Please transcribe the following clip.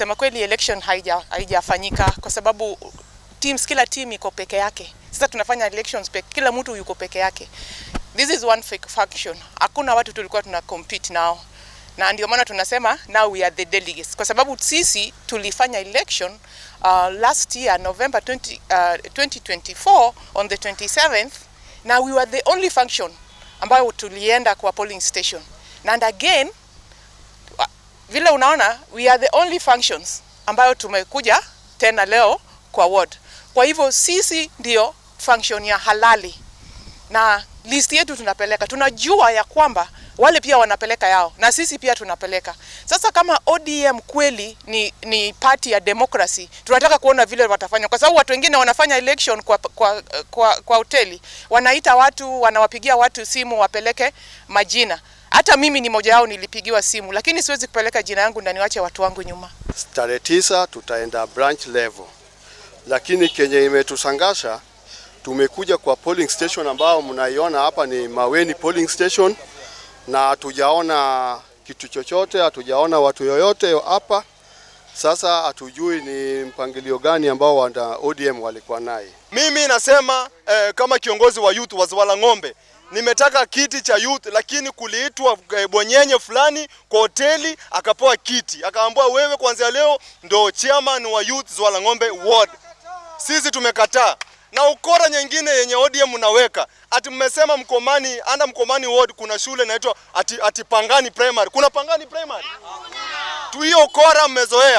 kusema kweli election haija haijafanyika kwa sababu teams, kila team iko peke yake. Sasa tunafanya elections peke, kila mtu yuko peke yake. This is one fake faction. Hakuna watu tulikuwa tuna compete nao, na ndio maana tunasema now we are the delegates, kwa sababu sisi tulifanya election uh, last year November 20, uh, 2024 on the 27th na we were the only faction ambayo tulienda kwa polling station and again vile unaona we are the only functions ambayo tumekuja tena leo kwa ward. Kwa hivyo sisi ndio function ya halali na list yetu tunapeleka, tunajua ya kwamba wale pia wanapeleka yao na sisi pia tunapeleka. Sasa kama ODM kweli ni, ni party ya democracy, tunataka kuona vile watafanya, kwa sababu watu wengine wanafanya election kwa, kwa, kwa, kwa hoteli, wanaita watu, wanawapigia watu simu wapeleke majina. Hata mimi ni moja yao nilipigiwa simu, lakini siwezi kupeleka jina yangu ndani, wache watu wangu nyuma. Tarehe tisa tutaenda branch level, lakini kenye imetusangasha tumekuja kwa polling station ambao mnaiona hapa ni Maweni polling station, na hatujaona kitu chochote, hatujaona watu yoyote hapa. Sasa hatujui ni mpangilio gani ambao wana ODM walikuwa naye. Mimi nasema eh, kama kiongozi wa youth wa Zwala Ng'ombe nimetaka kiti cha youth, lakini kuliitwa eh, bwenyenye fulani kwa hoteli akapewa kiti, akaambiwa wewe kuanzia leo ndo chairman wa youth Zwala Ng'ombe Ward. Sisi tumekataa. Na ukora nyingine yenye ODM mnaweka ati mmesema Mkomani anda Mkomani ward kuna shule inaitwa ati, ati Pangani Primary. Kuna Pangani Primary? Tu hiyo ukora mmezoea.